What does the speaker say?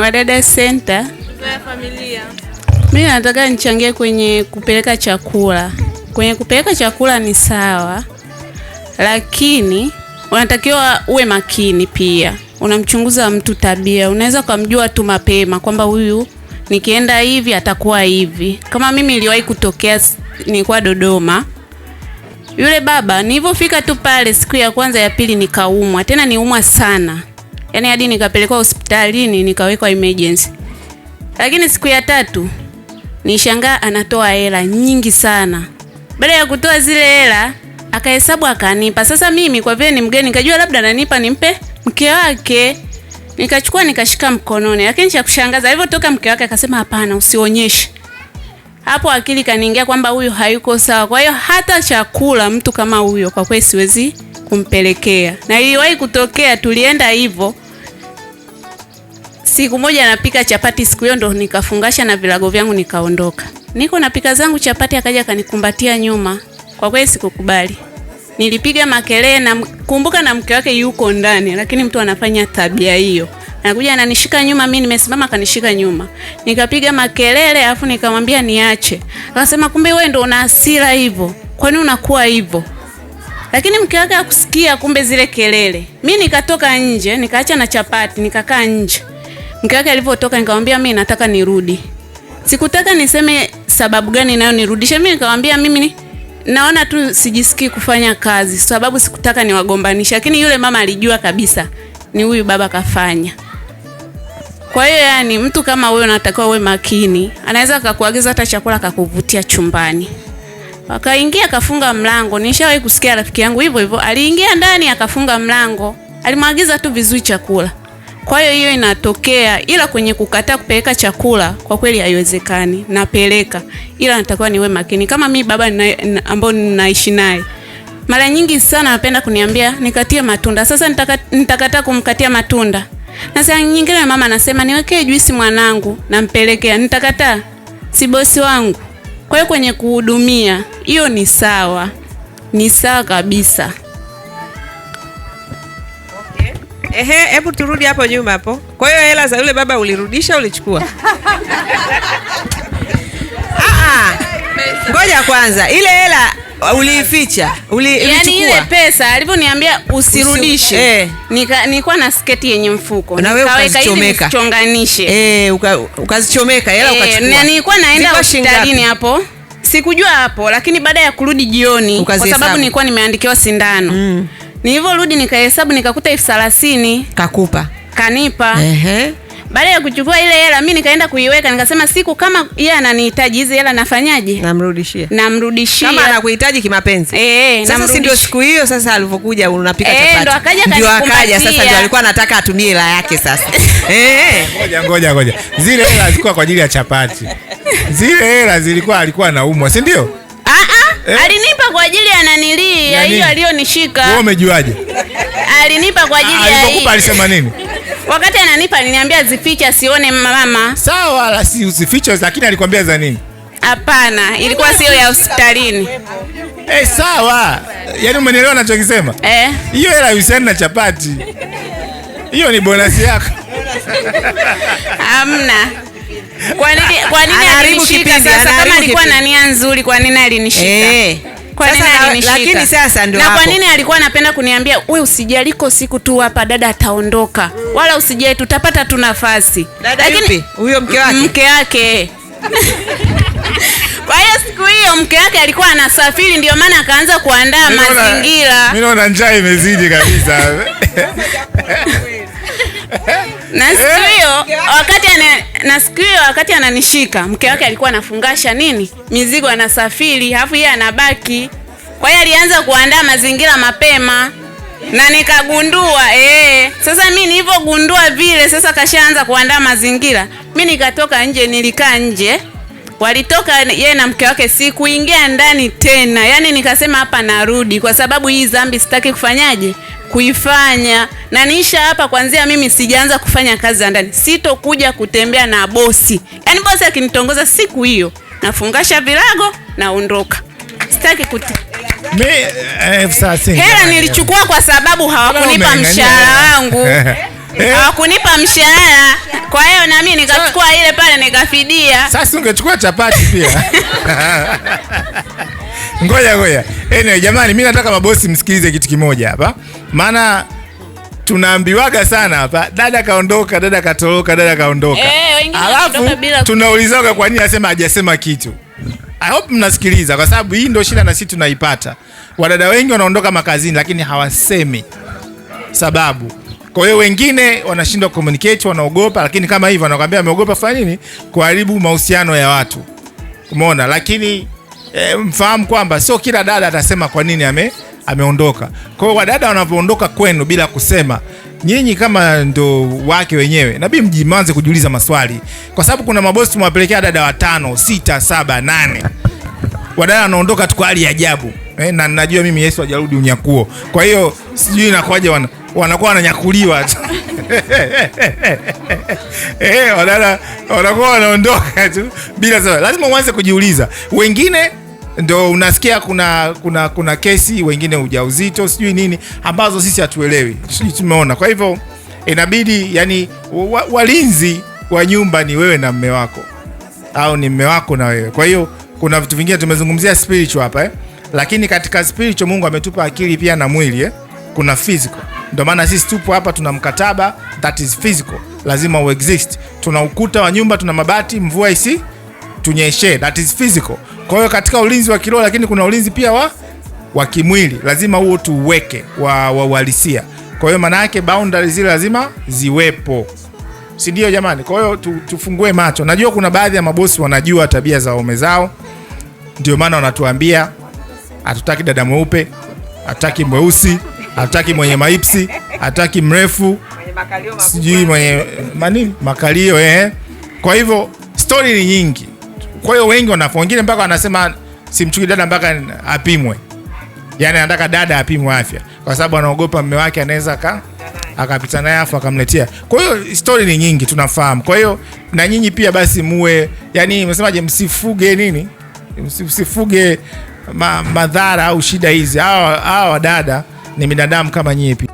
Wadada familia Mimi nataka nichangie kwenye kupeleka chakula. Kwenye kupeleka chakula ni sawa, lakini unatakiwa uwe makini pia. Unamchunguza mtu tabia, unaweza ukamjua tu mapema kwamba huyu nikienda hivi atakuwa hivi. Kama mimi iliwahi kutokea, nilikuwa Dodoma yule baba nilivyofika tu pale siku ya kwanza ya pili nikaumwa, tena niumwa sana, yani hadi nikapelekwa hospitalini nikawekwa emergency. Lakini siku ya tatu nishangaa anatoa hela nyingi sana. Baada ya kutoa zile hela akahesabu akanipa. Sasa mimi kwa vile ni mgeni nikajua labda ananipa nimpe mke wake. Nikachukua nikashika mkononi. Lakini cha kushangaza alivyotoka mke wake akasema hapana, usionyeshe. Hapo akili kaniingia kwamba huyu hayuko sawa. Kwa hiyo hata chakula mtu kama huyo kwa kweli siwezi kumpelekea. Na iliwahi kutokea tulienda hivyo Siku moja napika chapati, siku hiyo ndo nikafungasha na vilago vyangu nikaondoka. Niko napika zangu chapati, akaja akanikumbatia nyuma. Kwa kweli sikukubali, nilipiga makelele na kumbuka, na mke wake yuko ndani, lakini mtu anafanya tabia hiyo, anakuja ananishika nyuma, mimi nimesimama, kanishika nyuma, nikapiga makelele, afu nikamwambia niache. Akasema kumbe wewe ndo una hasira hivyo, kwani unakuwa hivyo? Lakini mke wake akusikia, kumbe zile kelele. Mimi nikatoka nje, nikaacha na chapati, nikakaa nje Mke wake alivyotoka nikamwambia mimi nataka nirudi. Sikutaka niseme sababu gani nayo nirudishe. Mimi nikamwambia mimi naona tu sijisikii kufanya kazi sababu sikutaka niwagombanishe, lakini yule mama alijua kabisa ni huyu baba kafanya. Kwa hiyo yani, mtu kama wewe unatakiwa uwe makini, anaweza akakuagiza hata chakula akakuvutia chumbani, akaingia akafunga mlango. Nishawahi kusikia rafiki yangu hivyo hivyo, aliingia ndani akafunga mlango, alimwagiza tu vizuri chakula kwa hiyo hiyo inatokea, ila kwenye kukataa kupeleka chakula kwa kweli haiwezekani. Napeleka, ila natakiwa niwe makini. Kama mi baba ambao ninaishi naye mara nyingi sana anapenda kuniambia nikatie matunda. Sasa nitakataa kumkatia matunda, na saa nyingine mama anasema niwekee juisi mwanangu, nampelekea. Nitakataa? si bosi wangu. Kwa hiyo kwenye kuhudumia hiyo ni sawa, ni sawa kabisa. Ehe, hebu turudi hapo nyuma hapo. Kwa hiyo hela za yule baba ulirudisha, ulichukua? Ah, ah. Ngoja kwanza, ile hela uliificha uli, yani ile pesa alivyoniambia usirudishe eh. Nika, nilikuwa na sketi yenye mfuko na wewe chonganishe eh, ukazichomeka hela eh, ukachukua, na nilikuwa naenda hospitalini hapo sikujua hapo, lakini baada ya kurudi jioni, kwa sababu nilikuwa nimeandikiwa sindano mm. Nilivyorudi nikahesabu nikakuta elfu thelathini kakupa kanipa. Ehe. Baada ya kuchukua ile hela mimi nikaenda kuiweka, nikasema siku kama yeye ananihitaji hizi hela nafanyaje? Namrudishia. Namrudishia. Kama anakuhitaji kimapenzi. Eh, eh sasa si ndio siku hiyo sasa alivyokuja unapika eh, chapati. Eh, ndio akaja ndio akaja sasa ndio alikuwa anataka atumie hela yake sasa. Eh, eh. Ngoja ngoja ngoja. Zile hela zilikuwa kwa ajili ya chapati. Zile hela zilikuwa alikuwa anaumwa, si ndio? eh? Alinipa kwa ajili ya nanilii ya hiyo alionishika. Wewe umejuaje? Alinipa kwa ajili ah, ya alipokupa alisema nini? Wakati ananipa aliniambia zifiche asione mama. Sawa, la si usifiche, lakini alikwambia za nini? Hapana, ilikuwa sio ya hospitalini. Eh, sawa. Yaani umenielewa nachokisema? Eh. Hiyo hela usiani na chapati. Hiyo ni bonasi yako. Amna. Kwa nini alinishika sasa? Kama alikuwa na nia nzuri, kwa nini alinishika? Eh. Kwa nini alinishika? Lakini sasa ndio hapo. Na kwa nini alikuwa anapenda kuniambia wewe usijaliko siku tu hapa dada ataondoka. Wala usijali tutapata tu nafasi. Lakini huyo mke wake. Mke wake. Kwa hiyo siku hiyo mke wake alikuwa anasafiri, ndio maana akaanza kuandaa mazingira. Mimi naona njaa imezidi kabisa. Na siku hiyo wakati ana na siku hiyo wakati ananishika mke wake alikuwa anafungasha nini mizigo, anasafiri alafu yeye anabaki. Kwa hiyo alianza kuandaa mazingira mapema na nikagundua ee. Sasa mi nilivyogundua vile, sasa kashaanza kuandaa mazingira, mi nikatoka nje, nilikaa nje walitoka yeye na mke wake, sikuingia ndani tena. Yani nikasema hapa narudi, kwa sababu hii zambi sitaki kufanyaje kuifanya na niisha hapa. Kwanzia mimi sijaanza kufanya kazi za ndani, sitokuja kutembea na bosi. Yani bosi akinitongoza siku hiyo nafungasha virago naondoka, sitaki kuti eh, eh, hela nilichukua kwa sababu hawakunipa mshahara wangu Eh. Eh. hawakunipa mshahara. Kwa hiyo nami nikachukua ile pale nikafidia. Sasa ungechukua chapati pia ngoja ngoja. Anyway, jamani, mi nataka mabosi msikilize kitu kimoja hapa, maana tunaambiwaga sana hapa, dada kaondoka, dada katoroka, dada kaondoka, eh, alafu tunaulizaga kwa nini asema hajasema kitu. I hope mnasikiliza, kwa sababu hii ndio shida na sisi tunaipata. Wadada wengi wanaondoka makazini, lakini hawasemi sababu kwa hiyo wengine wanashindwa communicate, wanaogopa, lakini kama hivyo anakuambia ameogopa fanya nini? Kuharibu mahusiano ya watu. Umeona? Lakini e, mfahamu kwamba sio kila dada atasema kwa nini ame ameondoka. Kwa hiyo wadada wanapoondoka kwenu bila kusema, nyinyi kama ndo wake wenyewe, nabii mjimanze kujiuliza maswali, kwa sababu kuna mabosi tumewapelekea dada watano, sita, saba, nane, wadada wanaondoka tu kwa hali ya ajabu eh, na najua mimi Yesu ajarudi unyakuo. Kwa hiyo sijui inakuwaje wana, wanakuwa wananyakuliwa tu eh, wanakuwa wanaondoka tu bila sababu. Lazima uanze kujiuliza. Wengine ndo unasikia kuna kuna kuna kesi, wengine ujauzito, sijui nini, ambazo sisi hatuelewi, sijui tumeona. Kwa hivyo inabidi yani, wa, walinzi wa nyumba ni wewe na mme wako au ni mme wako na wewe. Kwa hiyo kuna vitu vingine tumezungumzia spiritual hapa eh? lakini katika spiritual Mungu ametupa akili pia na mwili eh? Kuna physical, ndio maana sisi tupo hapa, tuna mkataba that is physical, lazima u exist. Tuna ukuta wa nyumba, tuna mabati, mvua isi tunyeshe, that is physical. Kwa hiyo katika ulinzi wa kiroho, lakini kuna ulinzi pia wa wa kimwili, lazima huo tuweke wa uhalisia. Kwa hiyo maana yake boundary zile lazima ziwepo, si ndio jamani? Kwa hiyo tu, tufungue macho. Najua kuna baadhi ya mabosi wanajua tabia za waume zao, ndio maana wanatuambia hatutaki dada mweupe, hatutaki mweusi, hatutaki mwenye maipsi, hatutaki mrefu, sijui mwenye manini makalio eh. Kwa hivyo stori ni nyingi, kwa hiyo wengi wana wengine mpaka wanasema simchukui dada mpaka apimwe, yani anataka dada apimwe afya, kwa sababu anaogopa mume wake anaweza ka akapita naye afu akamletea. Kwa hiyo stori ni nyingi, tunafahamu. Kwa hiyo na nyinyi pia basi muwe, yani msemaje, msifuge nini, msifuge ma, madhara au shida hizi. Hawa dada ni binadamu kama nyinyi pia.